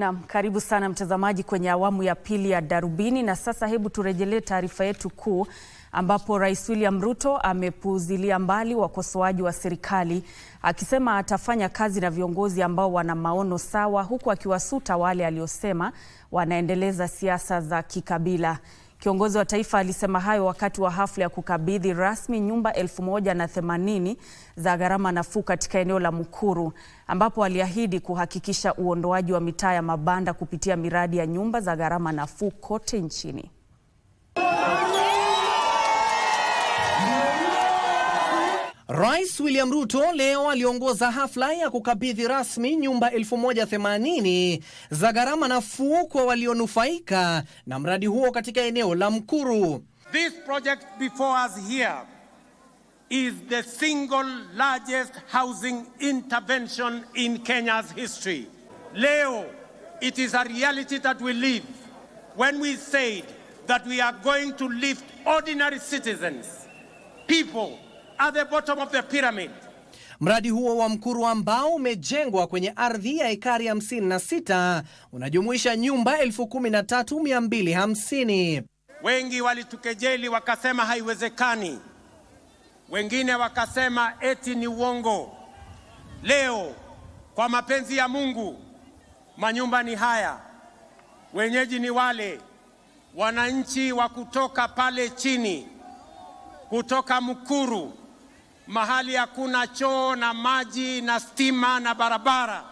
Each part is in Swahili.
Naam, karibu sana mtazamaji kwenye awamu ya pili ya Darubini, na sasa hebu turejelee taarifa yetu kuu ambapo Rais William Ruto amepuuzilia mbali wakosoaji wa serikali akisema atafanya kazi na viongozi ambao wana maono sawa, huku akiwasuta wale aliosema wanaendeleza siasa za kikabila. Kiongozi wa taifa alisema hayo wakati wa hafla ya kukabidhi rasmi nyumba elfu moja na themanini za gharama nafuu katika eneo la Mukuru ambapo aliahidi kuhakikisha uondoaji wa mitaa ya mabanda kupitia miradi ya nyumba za gharama nafuu kote nchini. Rais William Ruto leo aliongoza hafla ya kukabidhi rasmi nyumba 1080 za gharama nafuu kwa walionufaika na mradi huo katika eneo la Mkuru. This project before us here is the single largest housing intervention in Kenya's history. Leo it is a reality that we live when we said that we are going to lift ordinary citizens, people at the bottom of the pyramid. Mradi huo wa Mkuru ambao umejengwa kwenye ardhi ya ekari 56 unajumuisha nyumba 13250. Wengi walitukejeli wakasema haiwezekani, wengine wakasema eti ni uongo. Leo kwa mapenzi ya Mungu manyumba ni haya, wenyeji ni wale wananchi wa kutoka pale chini, kutoka Mkuru mahali hakuna choo na maji na stima na barabara,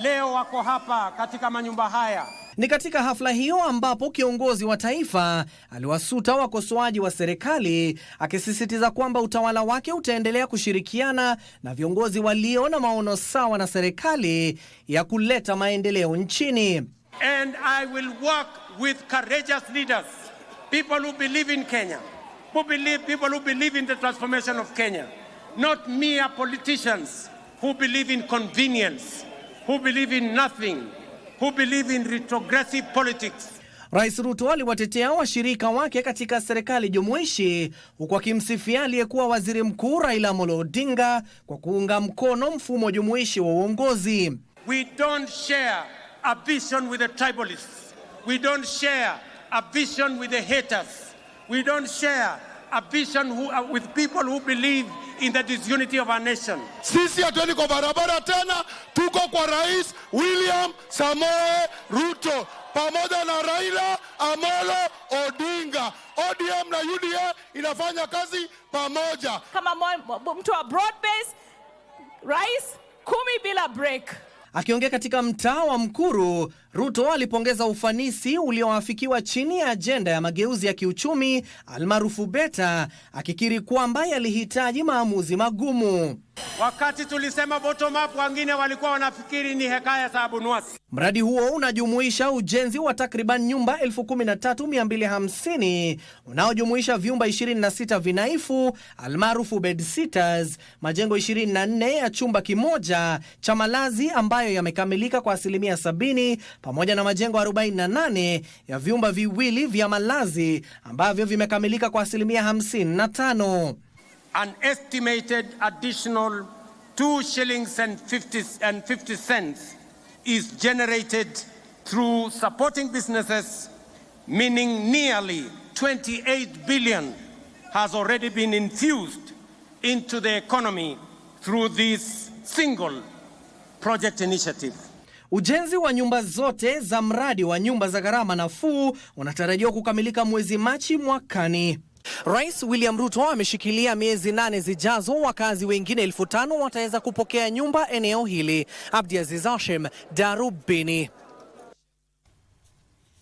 leo wako hapa katika manyumba haya. Ni katika hafla hiyo ambapo kiongozi wa taifa aliwasuta wakosoaji wa serikali akisisitiza kwamba utawala wake utaendelea kushirikiana na viongozi walio na maono sawa na serikali ya kuleta maendeleo nchini. And I will work with courageous leaders, people who believe in Kenya who believe, people who believe in the transformation of Kenya, not mere politicians who believe in convenience, who believe in nothing, who believe in retrogressive politics. Rais Ruto aliwatetea washirika wake katika serikali jumuishi huku akimsifia aliyekuwa waziri mkuu Raila Amolo Odinga kwa kuunga mkono mfumo jumuishi wa uongozi. We don't share a vision with the tribalists. We don't share a vision with the haters. We don't share a vision who, uh, with people who believe in the disunity of our nation. Sisi hatuendi kwa barabara tena, tuko kwa Rais William Samoe Ruto pamoja na Raila Amolo Odinga. ODM na UDA inafanya kazi pamoja kama mtu wa broad base. Rais kumi bila break. Akiongea katika mtaa wa Mkuru Ruto alipongeza ufanisi ulioafikiwa chini ya ajenda ya mageuzi ya kiuchumi almaarufu BETA, akikiri kwamba yalihitaji maamuzi magumu. Wakati tulisema bottom up, wengine walikuwa wanafikiri ni hekaya za Abunuwasi. Mradi huo unajumuisha ujenzi wa takriban nyumba 13250 unaojumuisha vyumba 26 vinaifu almaarufu bedsitters, majengo 24 ya chumba kimoja cha malazi ambayo yamekamilika kwa asilimia 70 pamoja na majengo 48 ya vyumba viwili vya malazi ambavyo vimekamilika kwa asilimia 55. An estimated additional 2 shillings and 50, and 50 cents is generated through supporting businesses meaning nearly 28 billion has already been infused into the economy through this single project initiative. Ujenzi wa nyumba zote za mradi wa nyumba za gharama nafuu unatarajiwa kukamilika mwezi Machi mwakani. Rais William Ruto ameshikilia miezi nane zijazo, wakazi wengine elfu tano wataweza kupokea nyumba eneo hili. Abdi Hashim, Darubini.